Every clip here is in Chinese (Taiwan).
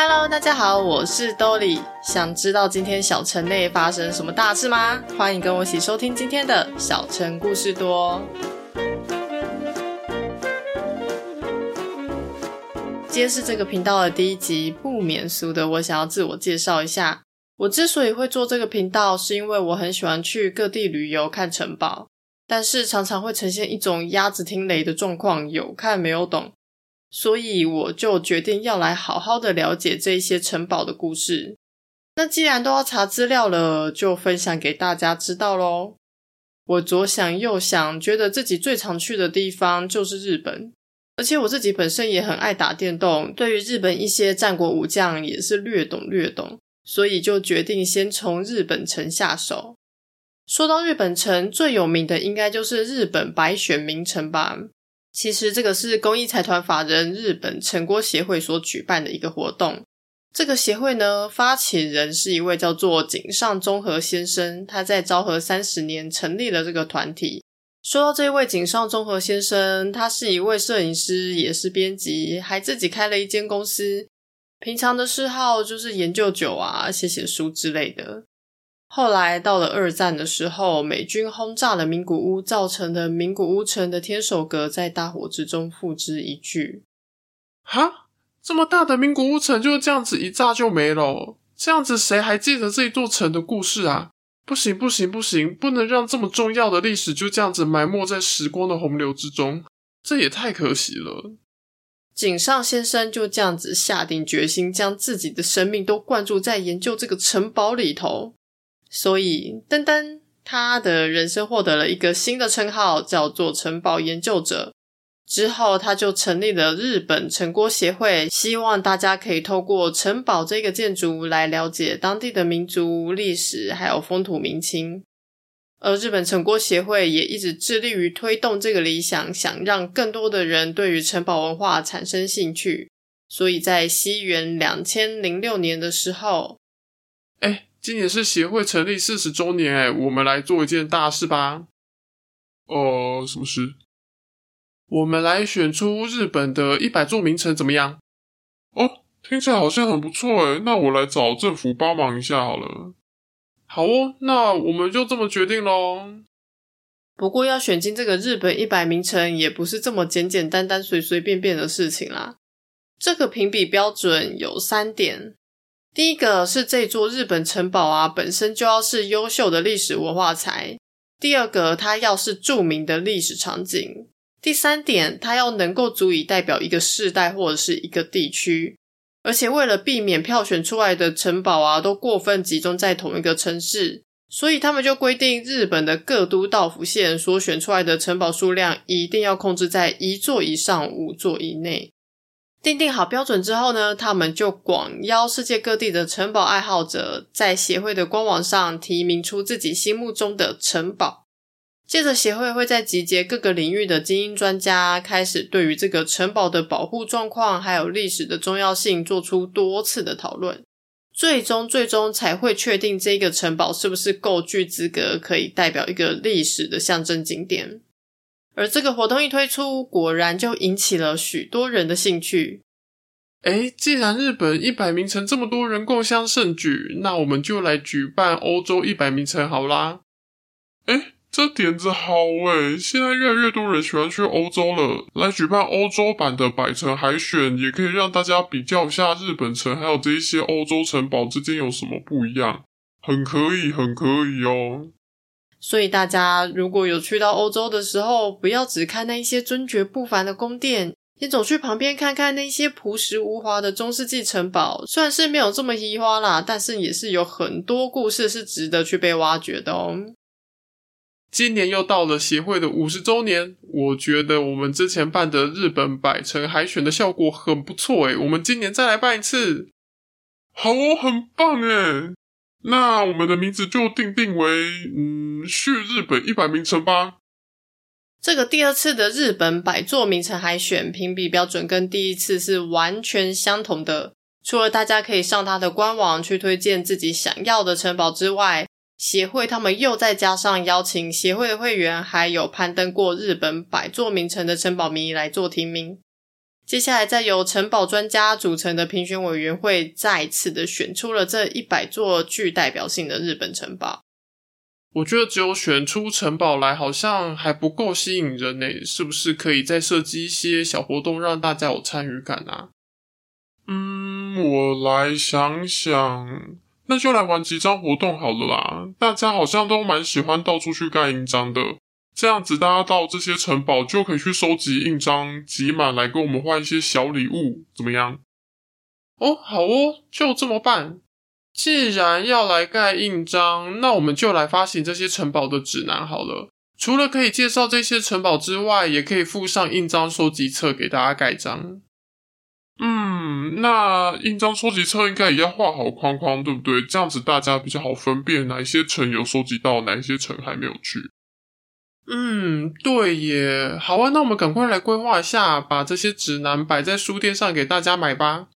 Hello，大家好，我是兜里。想知道今天小城內發生什麼大事嗎？歡迎跟我一起收聽今天的《小城故事多》。今天是這個頻道的第一集，不免俗的，我想要自我介紹一下。我之所以會做這個頻道，是因為我很喜歡去各地旅遊看城堡，但是常常會呈現一種鴨子聽雷的狀況，有看沒有懂。所以我就決定要來好好的了解這些城堡的故事。那既然都要查資料了，就分享給大家知道嘍。我左想右想，覺得自己最常去的地方就是日本，而且我自己本身也很愛打電動，對於日本一些戰國武將也是略懂略懂，所以就決定先從日本城下手。說到日本城，最有名的應該就是日本百選名城吧。其實這個是公益財團法人日本城郭協會所舉辦的一個活動。這個協會呢，發起人是一位叫做井上宗和先生，他在昭和三十年成立了這個團體。說到這位井上宗和先生，他是一位攝影師，也是編輯，還自己開了一間公司。平常的嗜好就是研究酒啊、寫寫書之類的。後來到了二戰的時候，美軍轟炸了名古屋，造成的名古屋城的天守閣在大火之中付之一炬。哈，這麼大的名古屋城就這樣子一炸就沒了，這樣子誰還記得這一座城的故事啊？不行不行不行，不能讓這麼重要的歷史就這樣子埋沒在時光的洪流之中，這也太可惜了。井上先生就這樣子下定決心，將自己的生命都灌注在研究這個城堡裡頭。所以，登登，他的人生獲得了一個新的稱號，叫做“城堡研究者”。之後，他就成立了日本城郭協會，希望大家可以透過城堡這個建築來了解當地的民族歷史，還有風土民情。而日本城郭協會也一直致力於推動這個理想，想讓更多的人對於城堡文化產生興趣。所以在西元兩千零六年的時候，誒、欸今年是協會成立四十週年，哎，我們來做一件大事吧。哦、呃，什麼事？我們來選出日本的一百座名城，怎麼樣？哦，聽起來好像很不錯，哎，那我來找政府幫忙一下好了。好哦，那我們就這麼決定嘍。不過要選進這個日本一百名城，也不是這麼簡簡單單、隨隨便便的事情啦。這個評比標準有三點。第一個，是這座日本城堡啊，本身就要是優秀的歷史文化財。第二個，它要是著名的歷史場景。第三點，它要能夠足以代表一個世代或者是一個地區。而且為了避免票選出來的城堡啊都過分集中在同一個城市，所以他們就規定日本的各都道府縣所選出來的城堡數量一定要控制在一座以上五座以內。訂定好標準之後呢，他們就廣邀世界各地的城堡愛好者，在協會的官網上提名出自己心目中的城堡。接着，協會會在集結各個領域的精英專家，開始對於這個城堡的保護狀況，還有歷史的重要性，做出多次的討論，最終最終才會確定這一個城堡是不是夠具資格，可以代表一個歷史的象徵景點。而這個活動一推出，果然就引起了許多人的興趣。哎、欸，既然日本一百名城這麼多人共襄盛舉，那我們就來舉辦歐洲一百名城好啦！哎、欸，這點子好喂、欸、現在越來越多人喜歡去歐洲了，來舉辦歐洲版的百城海選，也可以讓大家比較一下日本城還有這一些歐洲城堡之間有什麼不一樣，很可以，很可以哦、喔。所以大家如果有去到歐洲的時候，不要只看那一些尊爵不凡的宮殿，也走去旁邊看看那些樸實無華的中世紀城堡。雖然是沒有這麼移花啦，但是也是有很多故事是值得去被挖掘的哦、喔。今年又到了協會的五十週年，我覺得我們之前辦的日本百城海選的效果很不錯誒、欸、我們今年再來辦一次，好哦，很棒誒、欸那我們的名字就定定為“嗯，續日本一百名城”吧。這個第二次的日本百座名城海選評比標準跟第一次是完全相同的。除了大家可以上他的官網去推薦自己想要的城堡之外，協會他們又再加上邀請協會會員，還有攀登過日本百座名城的城堡迷來做提名。接下來，再由城堡專家組成的評選委員會再次的選出了這一百座具代表性的日本城堡。我覺得只有選出城堡來，好像還不夠吸引人呢、欸，是不是可以再設計一些小活動，讓大家有參與感啊？嗯，我來想想，那就來玩集章活動好了啦！大家好像都蠻喜歡到處去蓋印章的。這樣子，大家到這些城堡就可以去收集印章，集滿來跟我們換一些小禮物，怎麼樣？哦，好哦，就這麼辦。既然要來蓋印章，那我們就來發行這些城堡的指南好了。除了可以介紹這些城堡之外，也可以附上印章收集冊給大家蓋章。嗯，那印章收集冊應該也要畫好框框，對不對？這樣子大家比較好分辨哪一些城有收集到，哪一些城還沒有去。嗯，對耶，好啊，那我們趕快來規劃一下，把這些指南擺在書店上給大家買吧。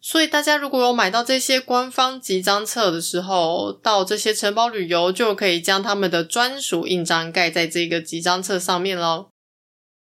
所以大家如果有買到這些官方集章冊的時候，到這些城堡旅遊就可以將他們的專屬印章蓋在這個集章冊上面嘍。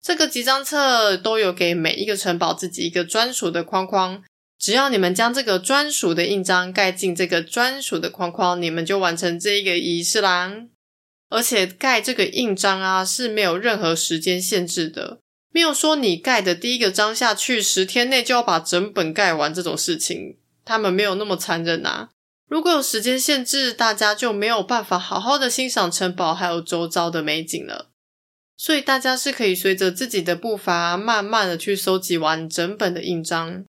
這個集章冊都有給每一個城堡自己一個專屬的框框，只要你們將這個專屬的印章蓋進這個專屬的框框，你們就完成這一個儀式啦。而且蓋這個印章啊，是沒有任何時間限制的，沒有說你蓋的第一個章下去十天內就要把整本蓋完這種事情，他們沒有那麼殘忍啊。如果有時間限制，大家就沒有辦法好好的欣賞城堡還有周遭的美景了。所以大家是可以隨着自己的步伐，慢慢的去收集完整本的印章。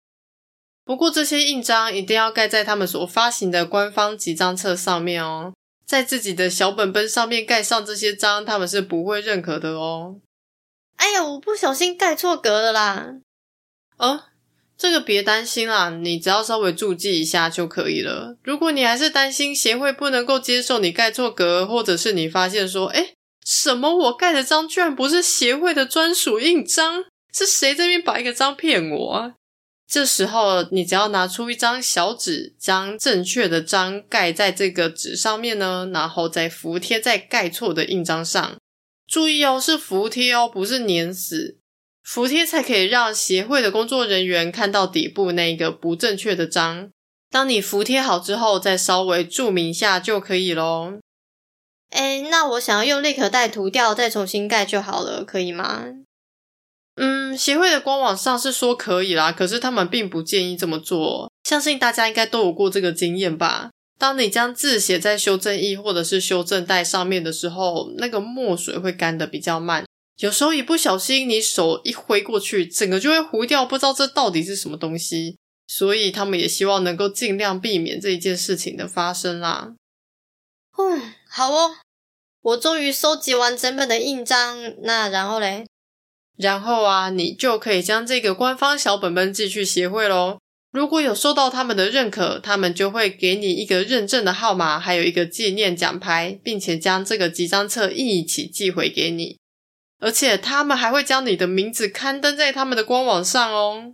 不過這些印章一定要蓋在他們所發行的官方集章冊上面哦。在自己的小本本上面蓋上這些章，他們是不會認可的哦。哎呀，我不小心蓋錯格了啦！哦、啊，這個別擔心啦，你只要稍微注記一下就可以了。如果你還是擔心協會不能夠接受你蓋錯格，或者是你發現說，誒、欸、什麼我蓋的章居然不是協會的專屬印章，是誰這邊擺一個章騙我啊？這時候，你只要拿出一張小紙，將正確的章蓋在這個紙上面呢，然後再服貼在蓋錯的印章上。注意哦，是服貼哦，不是粘死，服貼才可以讓協會的工作人員看到底部那個不正確的章。當你服貼好之後，再稍微注明一下就可以咯。哎，那我想要用立可帶塗掉，再重新蓋就好了，可以嗎？嗯，協會的官網上是說可以啦，可是他們並不建議這麼做。相信大家應該都有過這個經驗吧？當你將字寫在修正液或者是修正帶上面的時候，那個墨水會乾得比較慢。有時候一不小心，你手一揮過去，整個就會糊掉，不知道這到底是什麼東西。所以他們也希望能夠盡量避免這一件事情的發生啦。嗯，好哦，我終於收集完整本的印章，那然後嘞？然後啊，你就可以將這個官方小本本寄去協會嘍。如果有受到他們的認可，他們就會給你一個認證的號碼，還有一個紀念獎牌，並且將這個集章冊一起寄回給你。而且他們還會將你的名字刊登在他們的官網上哦。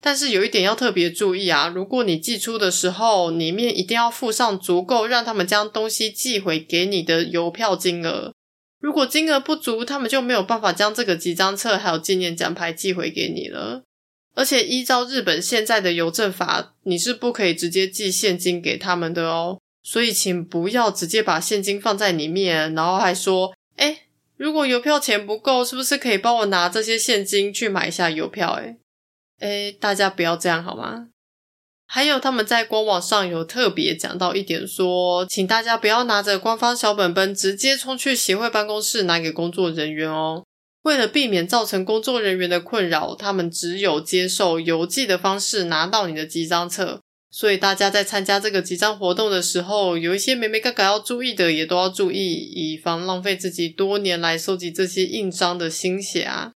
但是有一點要特別注意啊，如果你寄出的時候，裡面一定要附上足夠讓他們將東西寄回給你的郵票金額。如果金額不足，他們就沒有辦法將這個集章冊還有紀念獎牌寄回給你了。而且依照日本現在的郵政法，你是不可以直接寄現金給他們的哦。所以請不要直接把現金放在裡面，然後還說：“誒，如果郵票錢不夠，是不是可以幫我拿這些現金去買一下郵票誒？”誒，誒，大家不要這樣好嗎？還有，他們在官網上有特別講到一點說，說請大家不要拿着官方小本本直接衝去協會辦公室拿給工作人員哦。為了避免造成工作人員的困擾，他們只有接受郵寄的方式拿到你的集章冊。所以大家在參加這個集章活動的時候，有一些眉眉角角要注意的，也都要注意，以防浪費自己多年來收集這些印章的心血啊。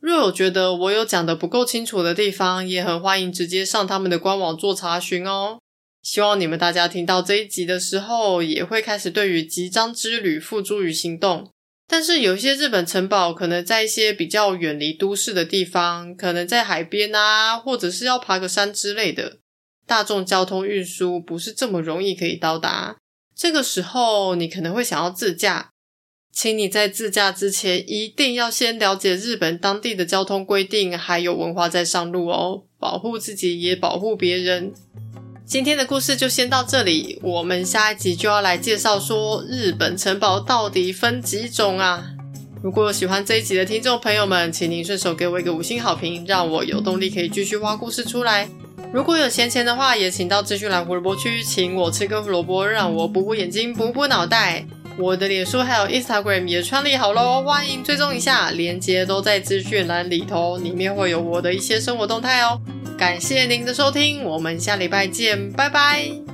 若有覺得我有講得不夠清楚的地方，也很歡迎直接上他們的官網做查詢哦。希望你們大家聽到這一集的時候，也會開始對於集章之旅付諸於行動。但是有一些日本城堡可能在一些比較遠離都市的地方，可能在海邊啊，或者是要爬個山之類的，大眾交通運輸不是這麼容易可以到達。這個時候，你可能會想要自駕。請你在自駕之前，一定要先了解日本當地的交通規定，還有文化，再上路哦，保護自己也保護別人。今天的故事就先到這裡，我們下一集就要來介紹說日本城堡到底分幾種啊！如果有喜歡這一集的聽眾朋友們，請您順手給我一個五星好評，讓我有動力可以繼續挖故事出來。如果有閒錢的話，也請到資訊欄胡蘿蔔區請我吃根胡蘿蔔，讓我補補眼睛，補補腦袋。我的臉書還有 Instagram 也創立好嘍，歡迎追蹤一下，連結都在資訊欄裡頭，裡面會有我的一些生活動態哦。感謝您的收聽，我們下禮拜見，拜拜。